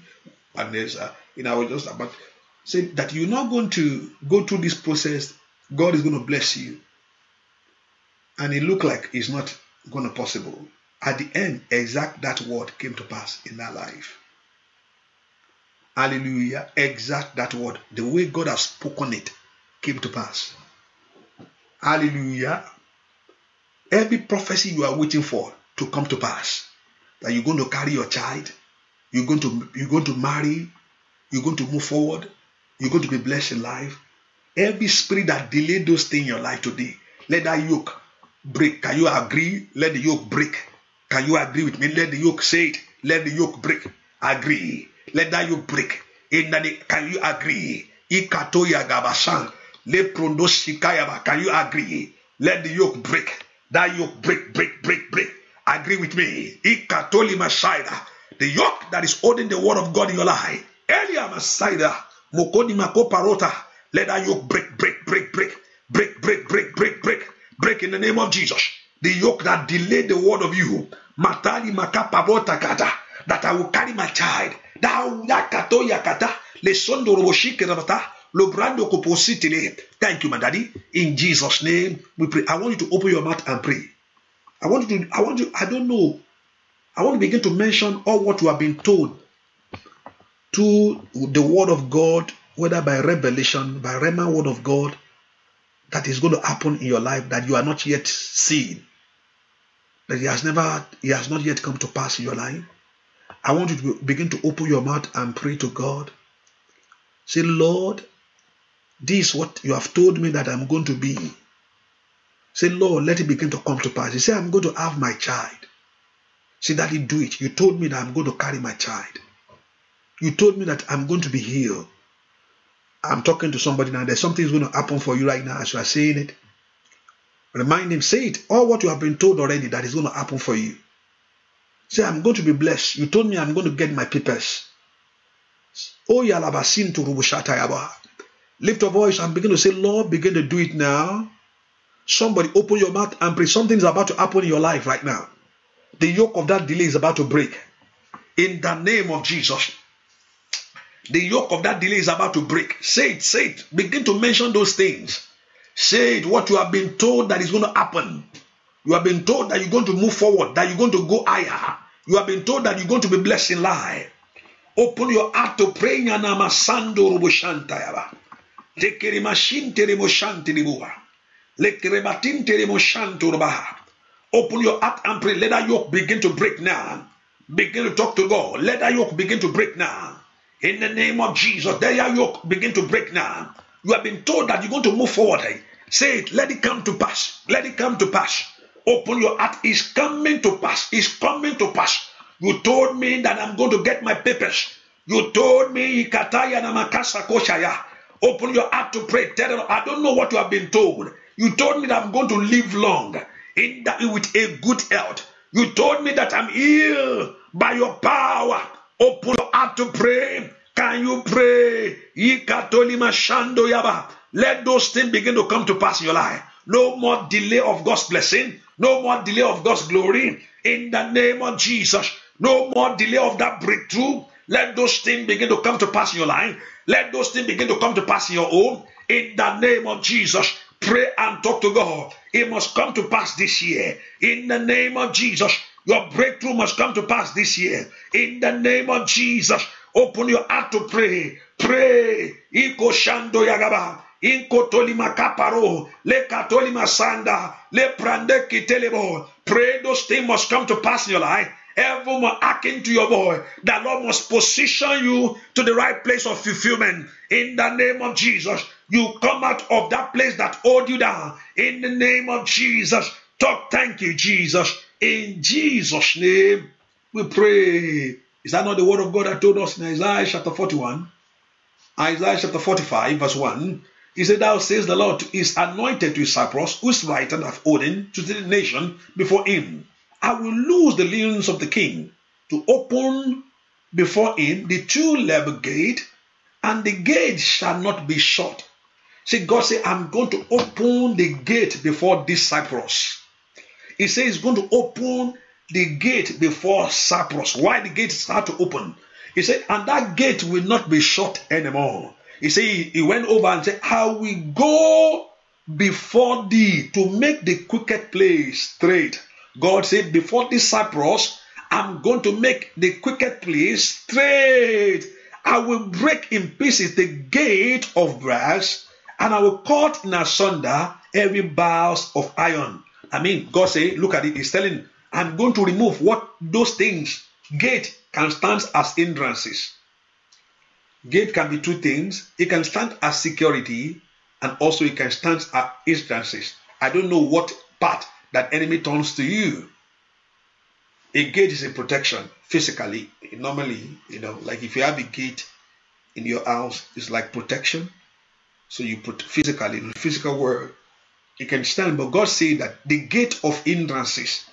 and there's a, you know, I was just about said that you're not going to go through this process, God is going to bless you. And it looked like it's not going to possible. At the end, exact that word came to pass in that life. Hallelujah. Exact that word. The way God has spoken it came to pass. Hallelujah. Every prophecy you are waiting for to come to pass. That you're going to carry your child, you're going to you're going to marry, you're going to move forward, you're going to be blessed in life. Every spirit that delayed those things in your life today, let that yoke break. Can you agree? Let the yoke break. Can you agree with me? Let the yoke say it. Let the yoke break. Agree. Let that yoke break. In the, can you agree? Ikatoya gabasan. Le ba. Can you agree? Let the yoke break. That yoke break, break, break, break. Agree with me. Ikatoli masaida. The yoke that is holding the word of God in your life. Elia masaida. Mokodi mako parota. Let that yoke break, break, break, break, break, break, break, break, break, break in the name of Jesus. The yoke that delayed the word of you. Matali maka parota kata. That I will carry my child. Thank you, my daddy. In Jesus' name, we pray. I want you to open your mouth and pray. I want you to, I want you, I don't know. I want to begin to mention all what you have been told to the word of God, whether by revelation, by rhema word of God, that is going to happen in your life that you are not yet seeing, that it has never, it has not yet come to pass in your life. I want you to begin to open your mouth and pray to God. Say, Lord, this is what you have told me that I'm going to be. Say, Lord, let it begin to come to pass. You say I'm going to have my child. Say, He do it. You told me that I'm going to carry my child. You told me that I'm going to be healed. I'm talking to somebody now. There's something's going to happen for you right now as you are saying it. Remind him, say it. All what you have been told already that is going to happen for you. Say, I'm going to be blessed. You told me I'm going to get my papers. Oh, to Lift your voice and begin to say, Lord, begin to do it now. Somebody open your mouth and pray. Something is about to happen in your life right now. The yoke of that delay is about to break. In the name of Jesus. The yoke of that delay is about to break. Say it, say it. Begin to mention those things. Say it, what you have been told that is going to happen. You have been told that you're going to move forward, that you're going to go higher. You have been told that you're going to be blessed in life. Open your heart to pray. Open your heart and pray. Let that yoke begin to break now. Begin to talk to God. Let that yoke begin to break now. In the name of Jesus, there your yoke begin to break now. You have been told that you're going to move forward. Say it, let it come to pass. Let it come to pass. Open your heart. It's coming to pass. It's coming to pass. You told me that I'm going to get my papers. You told me Ikataya Namakasa Koshaya. Open your heart to pray. Tell them, I don't know what you have been told. You told me that I'm going to live long in that, with a good health. You told me that I'm healed by your power. Open how to pray. Can you pray? Let those things begin to come to pass in your life. No more delay of God's blessing. No more delay of God's glory. In the name of Jesus. No more delay of that breakthrough. Let those things begin to come to pass in your life. Let those things begin to come to pass in your home. In the name of Jesus. Pray and talk to God. It must come to pass this year. In the name of Jesus. Your breakthrough must come to pass this year. In the name of Jesus, open your heart to pray. Pray. Iko shando yagaba. Inko tolima kaparo. Le katolima sanda. Le prande kitelebo. Pray those things must come to pass in your life. Heaven must akin to your boy. The Lord must position you to the right place of fulfillment. In the name of Jesus, you come out of that place that hold you down. In the name of Jesus, talk thank you, Jesus. In Jesus' name, we pray. Is that not the word of God that told us in Isaiah chapter 41? Isaiah chapter 45, verse 1. He said, Thou says the Lord is anointed to Cyprus, whose right hand hath Odin to the nation before him. I will loose the lions of the king to open before him the two level gate, and the gate shall not be shut. See, God said, I'm going to open the gate before this Cyprus. He says he's going to open the gate before Cyprus. Why the gate start to open? He said, and that gate will not be shut anymore. He said, he went over and said, I will go before thee to make the crooked place straight. God said, before this Cyprus, I'm going to make the crooked place straight. I will break in pieces the gate of brass, and I will cut in asunder every bars of iron. I mean, God say, look at it. He's telling, I'm going to remove what those things gate can stand as hindrances. Gate can be two things. It can stand as security, and also it can stand as hindrances. I don't know what part that enemy turns to you. A gate is a protection physically. Normally, you know, like if you have a gate in your house, it's like protection. So you put physically in the physical world you can stand, but God said that the gate of hindrances,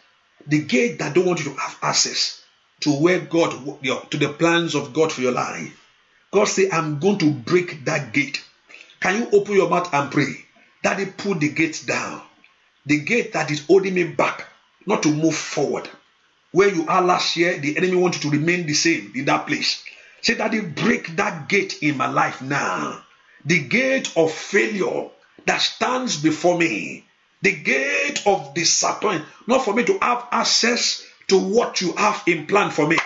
the gate that don't want you to have access to where God, to the plans of God for your life, God said, I'm going to break that gate. Can you open your mouth and pray? Daddy, put the gate down. The gate that is holding me back, not to move forward. Where you are last year, the enemy wanted to remain the same in that place. Say, Daddy, break that gate in my life now. The gate of failure that stands before me, the gate of disappointment, not for me to have access to what you have in plan for me,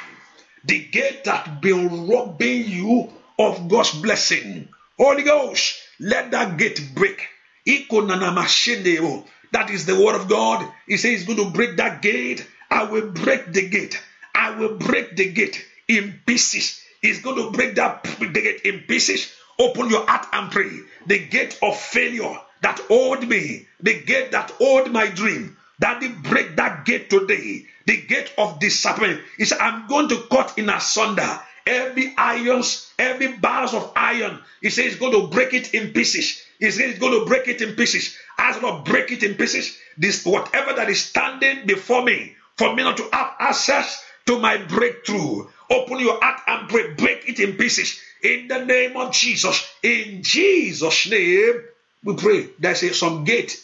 the gate that been robbing you of God's blessing. Holy Ghost, let that gate break. That is the word of God. He says he's going to break that gate. I will break the gate. I will break the gate in pieces. He's going to break that gate in pieces Open your heart and pray. The gate of failure that hold me, the gate that hold my dream, Daddy, break that gate today. The gate of disappointment is I'm going to cut in asunder every irons, every bars of iron. He says he's going to break it in pieces. He says he's going to break it in pieces. As Lord, break it in pieces. This whatever that is standing before me, for me not to have access to my breakthrough. Open your heart and pray. Break it in pieces in the name of Jesus. In Jesus' name, we pray. There's a, some gate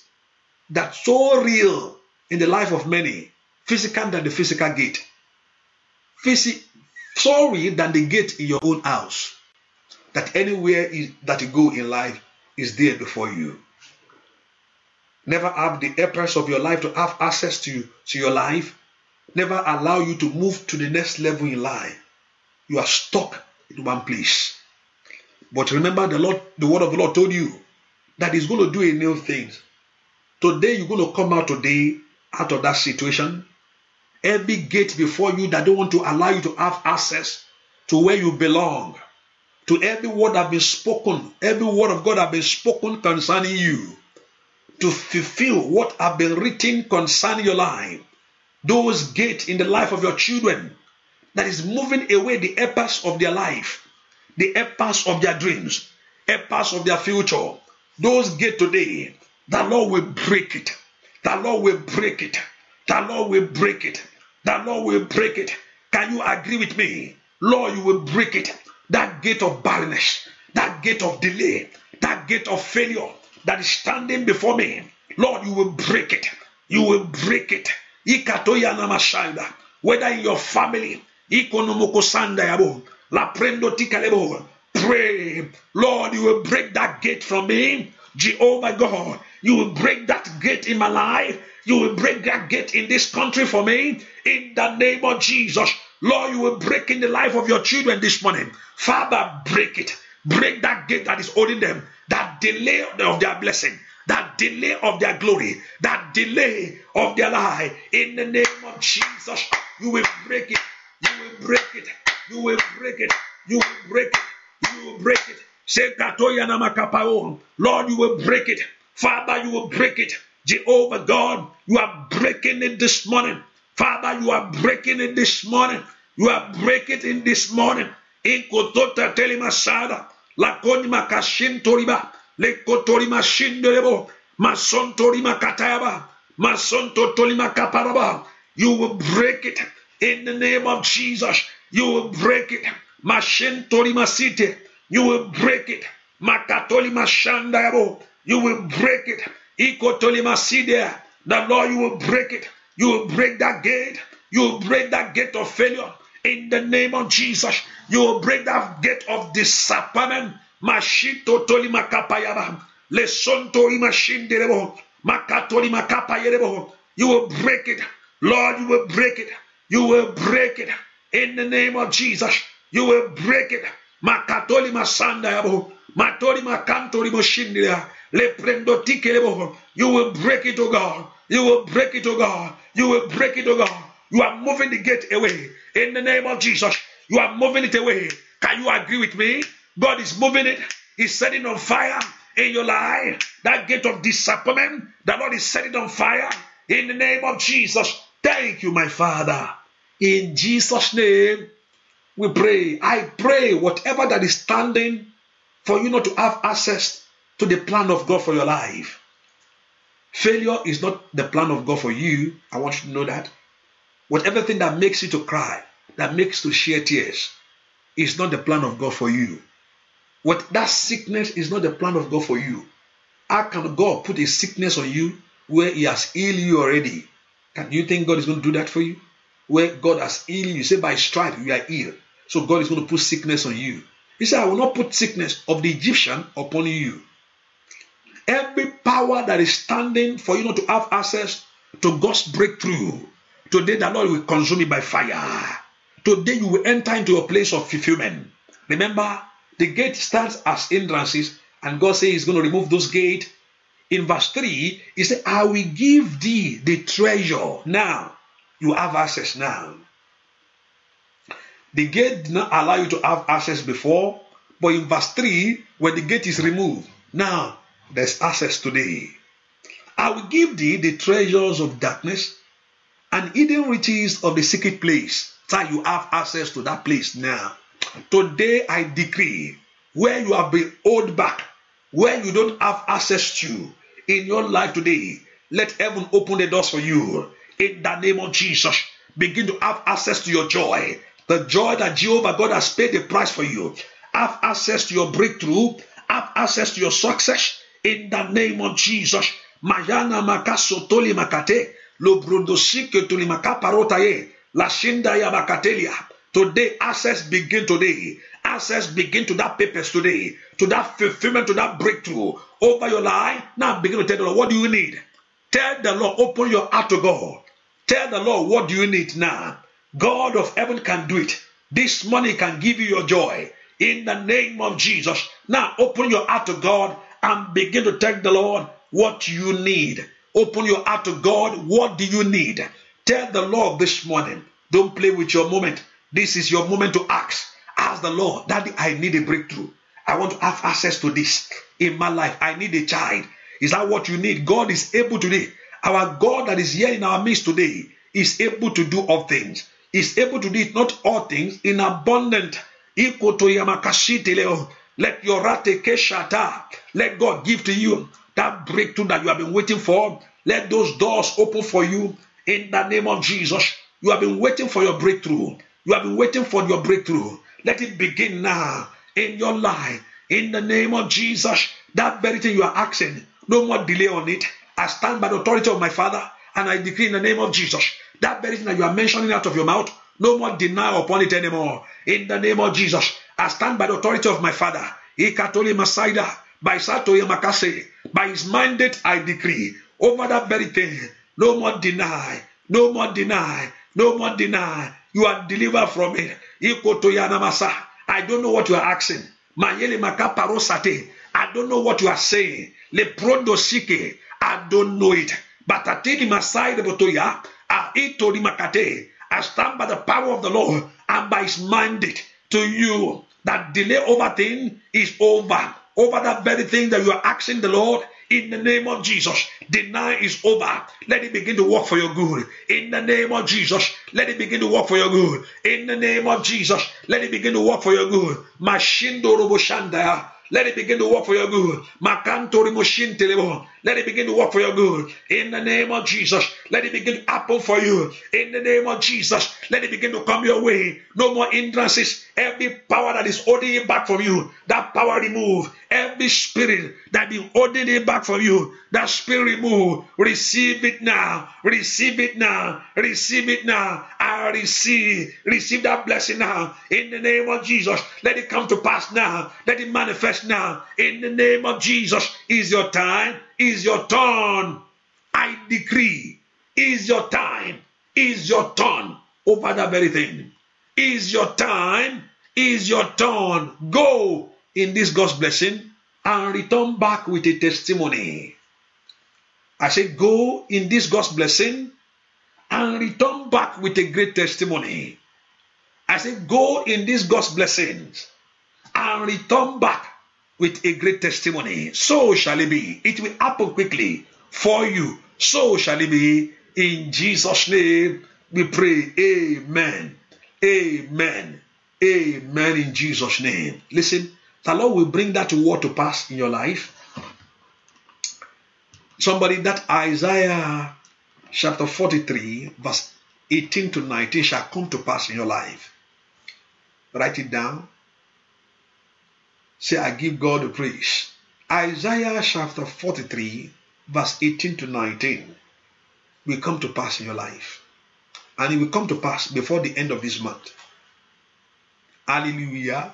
that's so real in the life of many, physical than the physical gate. Physi- so real than the gate in your own house. That anywhere is, that you go in life is there before you. Never have the apex of your life to have access to, to your life. Never allow you to move to the next level in life. You are stuck in one place. But remember the Lord, the word of the Lord told you that He's going to do a new thing. Today you're going to come out today out of that situation. Every gate before you that don't want to allow you to have access to where you belong, to every word that been spoken, every word of God that been spoken concerning you, to fulfill what have been written concerning your life. Those gates in the life of your children, that is moving away the epas of their life, the epas of their dreams, epas of their future. Those gate today, the Lord will break it. The Lord will break it. The Lord will break it. The Lord will break it. Can you agree with me? Lord, you will break it. That gate of barrenness, that gate of delay, that gate of failure that is standing before me. Lord, you will break it. You will break it. Whether in your family, yabo. La prendo Pray. Lord, you will break that gate from me. Jehovah God, you will break that gate in my life. You will break that gate in this country for me. In the name of Jesus. Lord, you will break in the life of your children this morning. Father, break it. Break that gate that is holding them. That delay of their blessing. That delay of their glory. That delay of their life. In the name of Jesus, you will break it you will break it. You will break it. You will break it. You will break it. Say Lord, you will break it. Father, you will break it. Jehovah God, you are breaking it this morning. Father, you are breaking it this morning. You are breaking it this morning. Inkotota telemasada. Lakonima makashin toriba. le Lekotorima shindelebo. Mason torima katayaba. Mason totolima kaparaba. You will break it. In the name of Jesus, you will break it. City, you will break it. Makatolimashandayabo, you will break it. City, the Lord, you will break it. You will break that gate. You will break that gate of failure. In the name of Jesus, you will break that gate of disappointment. Mashito tolima Lesonto imashindelebo. Makatolimakapayelebo. You will break it. Lord, you will break it. You will break it in the name of Jesus. You will break it. Makatoli masanda yabo. Matori makantori moshindia. Le tike lebo. You will break it, O God. You will break it, O God. You will break it, O God. You are moving the gate away in the name of Jesus. You are moving it away. Can you agree with me? God is moving it. He's setting on fire in your life. That gate of disappointment, the Lord is setting on fire in the name of Jesus. Thank you, my Father. In Jesus' name, we pray. I pray whatever that is standing for you not to have access to the plan of God for your life. Failure is not the plan of God for you. I want you to know that. Whatever thing that makes you to cry, that makes to shed tears, is not the plan of God for you. What that sickness is not the plan of God for you. How can God put a sickness on you where He has healed you already? Can you think God is going to do that for you? where God has healed you. Say, by stripe you are healed. So God is going to put sickness on you. He said, I will not put sickness of the Egyptian upon you. Every power that is standing for you not to have access to God's breakthrough, today the Lord will consume it by fire. Today you will enter into a place of fulfillment. Remember, the gate stands as entrances, and God says He's going to remove those gates. In verse 3, He said, I will give thee the treasure. Now, you have access now. The gate did not allow you to have access before, but in verse 3, when the gate is removed, now there's access today. I will give thee the treasures of darkness and hidden riches of the secret place. So you have access to that place now. Today I decree where you have been held back, where you don't have access to in your life today, let heaven open the doors for you in the name of Jesus. Begin to have access to your joy, the joy that Jehovah God has paid the price for you. Have access to your breakthrough, have access to your success in the name of Jesus. Mayana makasotoli makate lo brundosike tuli makaparotaye la shinda ya makatelia. Today, access begin today. Access begin to that purpose today, to that fulfillment, to that breakthrough over your life. Now begin to tell the Lord, what do you need? Tell the Lord, open your heart to God. Tell the Lord, what do you need now? God of heaven can do it. This money can give you your joy in the name of Jesus. Now open your heart to God and begin to tell the Lord what you need. Open your heart to God. What do you need? Tell the Lord this morning. Don't play with your moment. This is your moment to ask. Ask the Lord, Daddy, I need a breakthrough. I want to have access to this in my life. I need a child. Is that what you need? God is able today our God that is here in our midst today is able to do all things. Is able to do it, not all things, in abundant. Let your ratekeshata, let God give to you that breakthrough that you have been waiting for. Let those doors open for you in the name of Jesus. You have been waiting for your breakthrough. You have been waiting for your breakthrough. Let it begin now in your life. In the name of Jesus, that very thing you are asking, no more delay on it. I stand by the authority of my Father and I decree in the name of Jesus that very thing that you are mentioning out of your mouth, no more denial upon it anymore. In the name of Jesus, I stand by the authority of my Father. Ikatoli Masaida, by Satoya Makase, by his mandate I decree over that very thing, no more deny, no more deny, no more deny. You are delivered from it. I don't know what you are asking. I don't know what you are saying. I don't know it. But atini masai debotoya, aitoni makate. I stand by the power of the Lord and by his mandate to you. That delay over thing is over. Over that very thing that you are asking the Lord, in the name of Jesus, deny is over. Let it begin to work for your good. In the name of Jesus, let it begin to work for your good. In the name of Jesus, let it begin to work for your good. Mashindo roboshanda let it begin to work for your good. Let it begin to work for your good. In the name of Jesus, let it begin to happen for you. In the name of Jesus, let it begin to come your way. No more hindrances. Every power that is holding it back from you, that power remove. Every spirit that be holding it back from you, that spirit remove. Receive it now. Receive it now. Receive it now. I receive. Receive that blessing now. In the name of Jesus. Let it come to pass now. Let it manifest now. In the name of Jesus. Is your time. Is your turn. I decree. Is your time. Is your turn over that very thing. Is your time is your turn. Go in this God's blessing and return back with a testimony. I say, go in this God's blessing and return back with a great testimony. I say, go in this God's blessings and return back with a great testimony. So shall it be. It will happen quickly for you. So shall it be. In Jesus' name, we pray. Amen. Amen. Amen in Jesus' name. Listen, the Lord will bring that word to pass in your life. Somebody that Isaiah chapter 43, verse 18 to 19 shall come to pass in your life. Write it down. Say, I give God a praise. Isaiah chapter 43, verse 18 to 19 will come to pass in your life. And it will come to pass before the end of this month. Hallelujah.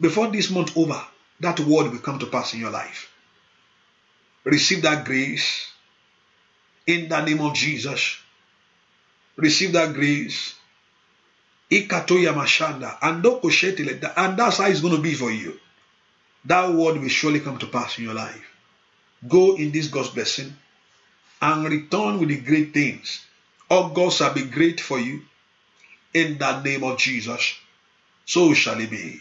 Before this month over, that word will come to pass in your life. Receive that grace in the name of Jesus. Receive that grace. Ikatoya mashanda. And that's how it's going to be for you. That word will surely come to pass in your life. Go in this God's blessing and return with the great things. All God shall be great for you in the name of Jesus. So shall it be.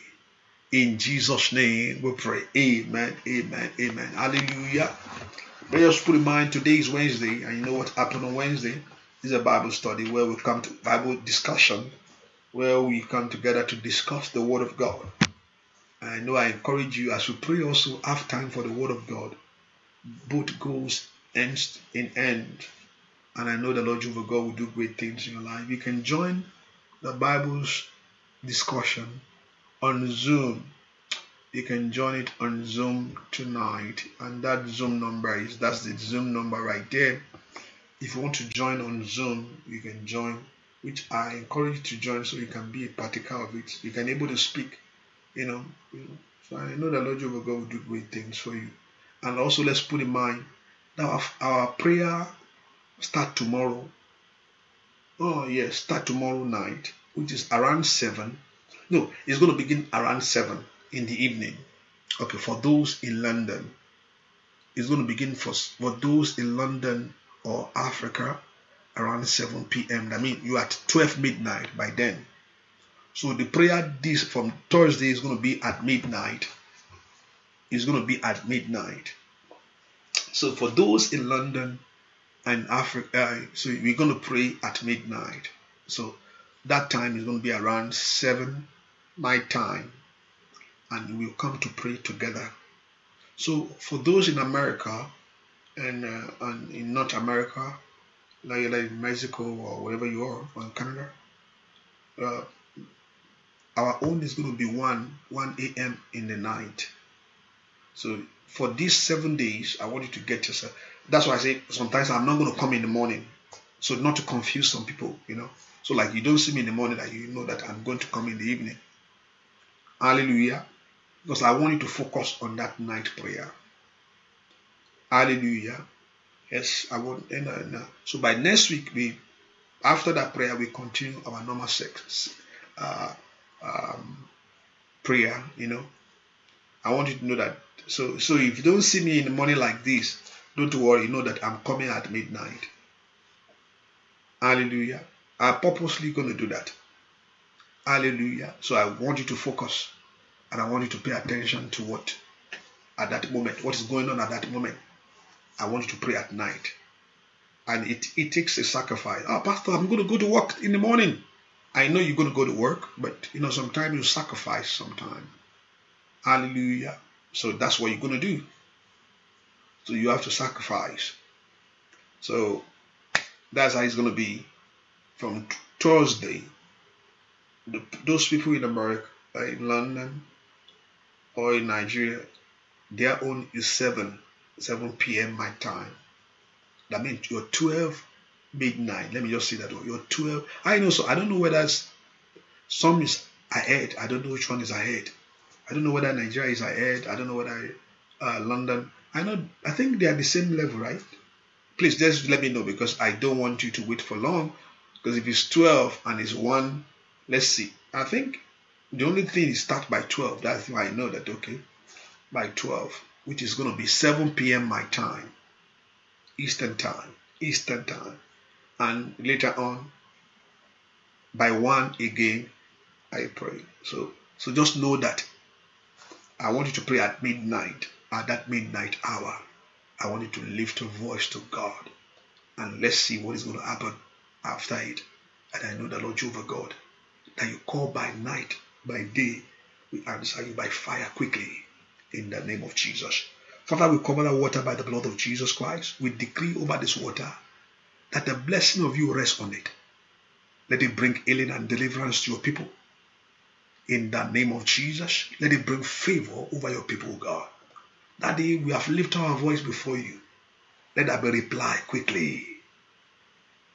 In Jesus' name we pray. Amen, amen, amen. Hallelujah. Let us put in mind today is Wednesday, and you know what happened on Wednesday? This is a Bible study where we come to Bible discussion, where we come together to discuss the Word of God. I know I encourage you as we pray also have time for the Word of God. Both goes ends in end. And I know the Lord Jehovah God will do great things in your life. You can join the Bible's discussion on Zoom. You can join it on Zoom tonight, and that Zoom number is that's the Zoom number right there. If you want to join on Zoom, you can join, which I encourage you to join so you can be a partaker of it. You can able to speak, you know. So I know that Lord Jehovah God will do great things for you. And also, let's put in mind that our prayer start tomorrow. Oh yes, start tomorrow night which is around 7. No, it's going to begin around 7 in the evening. Okay, for those in London, it's going to begin for, for those in London or Africa around 7 p.m. I mean, you're at 12 midnight by then. So the prayer this from Thursday is going to be at midnight. It's going to be at midnight. So for those in London and Africa, uh, so we're going to pray at midnight. So that time is going to be around 7 my time and we'll come to pray together so for those in america and, uh, and in north america like, like mexico or wherever you are or in canada uh, our own is going to be 1 1 a.m in the night so for these seven days i want you to get yourself that's why i say sometimes i'm not going to come in the morning so not to confuse some people you know so, like you don't see me in the morning, that you know that I'm going to come in the evening. Hallelujah. Because I want you to focus on that night prayer. Hallelujah. Yes, I want. Eh, and, and, so by next week, we after that prayer, we continue our normal sex uh, um, prayer. You know, I want you to know that. So, so if you don't see me in the morning like this, don't worry. Know that I'm coming at midnight. Hallelujah i purposely going to do that. Hallelujah. So I want you to focus and I want you to pay attention to what at that moment, what is going on at that moment. I want you to pray at night. And it, it takes a sacrifice. Oh, Pastor, I'm going to go to work in the morning. I know you're going to go to work, but you know, sometimes you sacrifice sometime. Hallelujah. So that's what you're going to do. So you have to sacrifice. So that's how it's going to be from Thursday, the, those people in America, uh, in London, or in Nigeria, their own is 7, 7 p.m. my time. That means you're 12 midnight. Let me just say that one. You're 12. I know, so I don't know whether some is ahead. I don't know which one is ahead. I don't know whether Nigeria is ahead. I don't know whether uh, London. I know. I think they are the same level, right? Please just let me know because I don't want you to wait for long because if it's 12 and it's 1, let's see. I think the only thing is start by 12. That's why I know that, okay, by 12, which is going to be 7 p.m. my time, Eastern time, Eastern time. And later on, by 1 again, I pray. So, so just know that I want you to pray at midnight, at that midnight hour. I want you to lift a voice to God and let's see what is going to happen after it. And I know the Lord Jehovah God, that you call by night, by day, we answer you by fire quickly in the name of Jesus. Father, we cover that water by the blood of Jesus Christ. We decree over this water that the blessing of you rests on it. Let it bring healing and deliverance to your people. In the name of Jesus, let it bring favor over your people, God. That day we have lifted our voice before you. Let that be reply quickly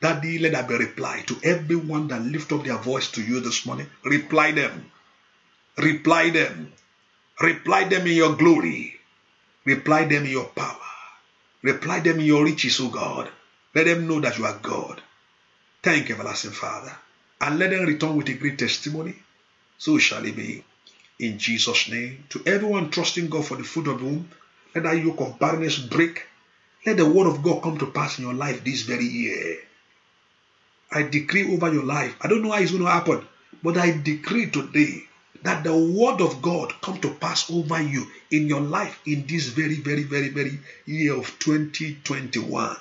Daddy, let there be reply to everyone that lift up their voice to you this morning. Reply them. Reply them. Reply them in your glory. Reply them in your power. Reply them in your riches, O God. Let them know that you are God. Thank you, everlasting Father. And let them return with a great testimony. So shall it be. In Jesus' name. To everyone trusting God for the food of the womb, let that yoke of barrenness break. Let the word of God come to pass in your life this very year. I decree over your life. I don't know how it's going to happen, but I decree today that the word of God come to pass over you in your life in this very, very, very, very year of 2021.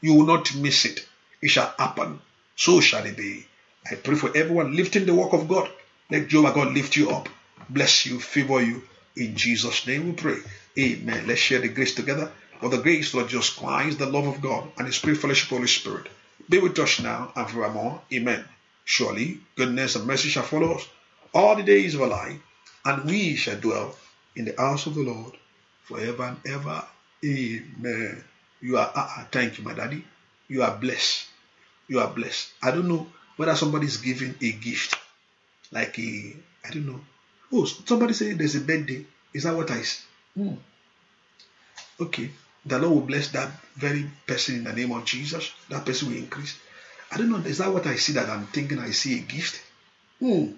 You will not miss it. It shall happen. So shall it be. I pray for everyone lifting the work of God. Let Jehovah God lift you up, bless you, favor you. In Jesus' name we pray. Amen. Let's share the grace together. For the grace of Jesus Christ, the love of God, and the spirit fellowship Holy Spirit be with us now and forevermore. Amen. Surely goodness and mercy shall follow us all the days of our life, and we shall dwell in the house of the Lord forever and ever. Amen. You are, uh, thank you, my daddy. You are blessed. You are blessed. I don't know whether somebody is giving a gift, like a, I don't know. Oh, somebody say there's a birthday. Is that what I? Hmm. Okay. The Lord will bless that very person in the name of Jesus. That person will increase. I don't know. Is that what I see that I'm thinking I see a gift? Hmm.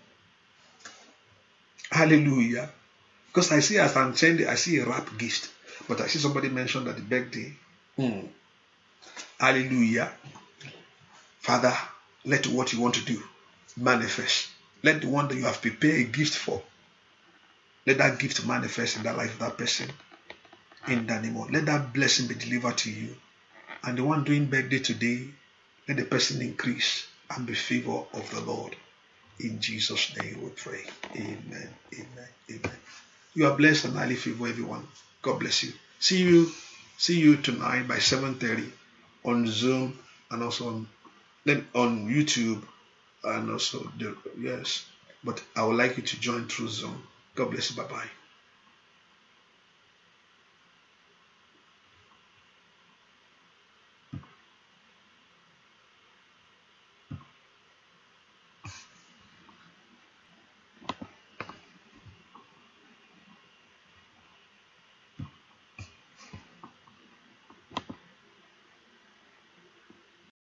Hallelujah. Because I see as I'm saying, I see a wrap gift. But I see somebody mentioned that the birthday. Hmm. Hallelujah. Father, let what you want to do manifest. Let the one that you have prepared a gift for, let that gift manifest in the life of that person in the name of let that blessing be delivered to you and the one doing birthday today let the person increase and be favor of the lord in jesus name we pray amen amen amen you are blessed and highly favored everyone god bless you see you see you tonight by 7:30 on zoom and also on on youtube and also the yes but i would like you to join through zoom god bless you bye bye